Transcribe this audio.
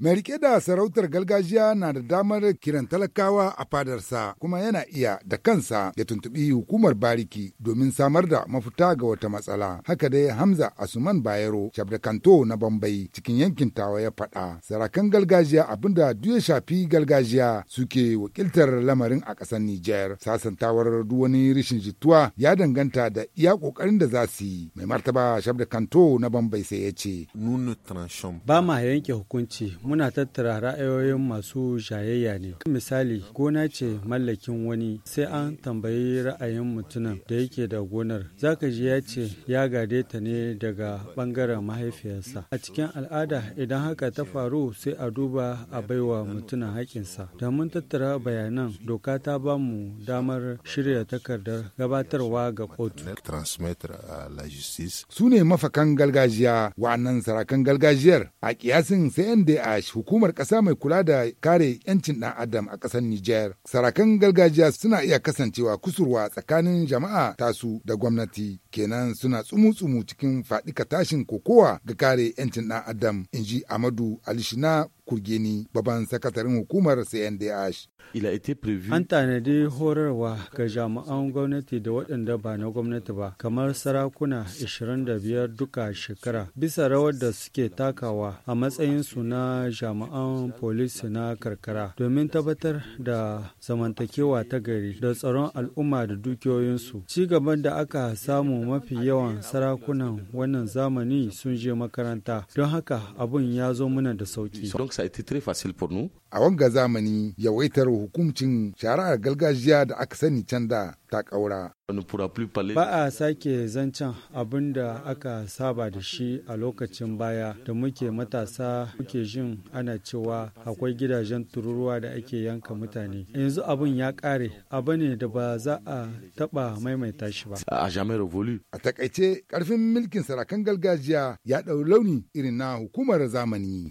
Mai rike da sarautar gargajiya na da damar kiran talakawa a fadarsa kuma yana iya da kansa ya tuntubi hukumar bariki domin samar da mafita ga wata matsala. Haka dai Hamza Asuman Bayero, kanto na Bambai cikin yankin tawa ya faɗa. Sarakan gargajiya abinda duk ya shafi gargajiya suke wakiltar lamarin a ƙasar Nijar. Sasantawar duk wani rishin jituwa ya danganta da iya ƙoƙarin da za su yi. Mai martaba kanto na Bambai sai ya ce. Ba ma yanke hukunci muna tattara ra'ayoyin masu shayayya ne misali gona ce mallakin wani sai an tambayi ra'ayin mutumin da yake da gonar zaka ji ya ce ya gade ta ne daga bangaren mahaifiyarsa a cikin al'ada idan haka ta faru sai a duba a baiwa mutumin haƙinsa da mun tattara bayanan doka ta ba mu damar shirya takardar gabatarwa ga kotu su ne mafakan gargajiya wa'annan sarakan gargajiyar a kiyasin sai yadda a hukumar ƙasa mai kula da kare 'yancin ɗan adam a ƙasar Nijar. Sarakan gargajiya suna iya kasancewa kusurwa tsakanin jama'a tasu da gwamnati kenan suna tsumu-tsumu cikin fadika tashin kokowa ga kare 'yancin ɗan adam in ji Amadu Alishina kurgeni babban sakatarin hukumar cndh an tanadi horarwa ga jami'an gwamnati da waɗanda ba na gwamnati ba kamar sarakuna 25 duka shekara bisa rawar da suke takawa a matsayinsu na jami'an polisi na karkara domin tabbatar da zamantakewa ta gari da tsaron al'umma da dukiyoyinsu ci gaban da aka samu mafi yawan sarakunan wannan zamani sun je makaranta don haka abun ya zo mana da sauki ça a été très pour nous. A wanga zamani yawaitar shara shari'ar gargajiya da aka sani can da ta ƙaura. Ba a sake zancen abin da aka saba da shi a lokacin baya da muke matasa muke jin ana cewa akwai gidajen tururuwa da ake yanka mutane. Yanzu abin ya ƙare abu ne da ba za a taɓa maimaita shi ba. A takaice ƙarfin mulkin sarakan gargajiya ya ɗau launi irin na hukumar zamani.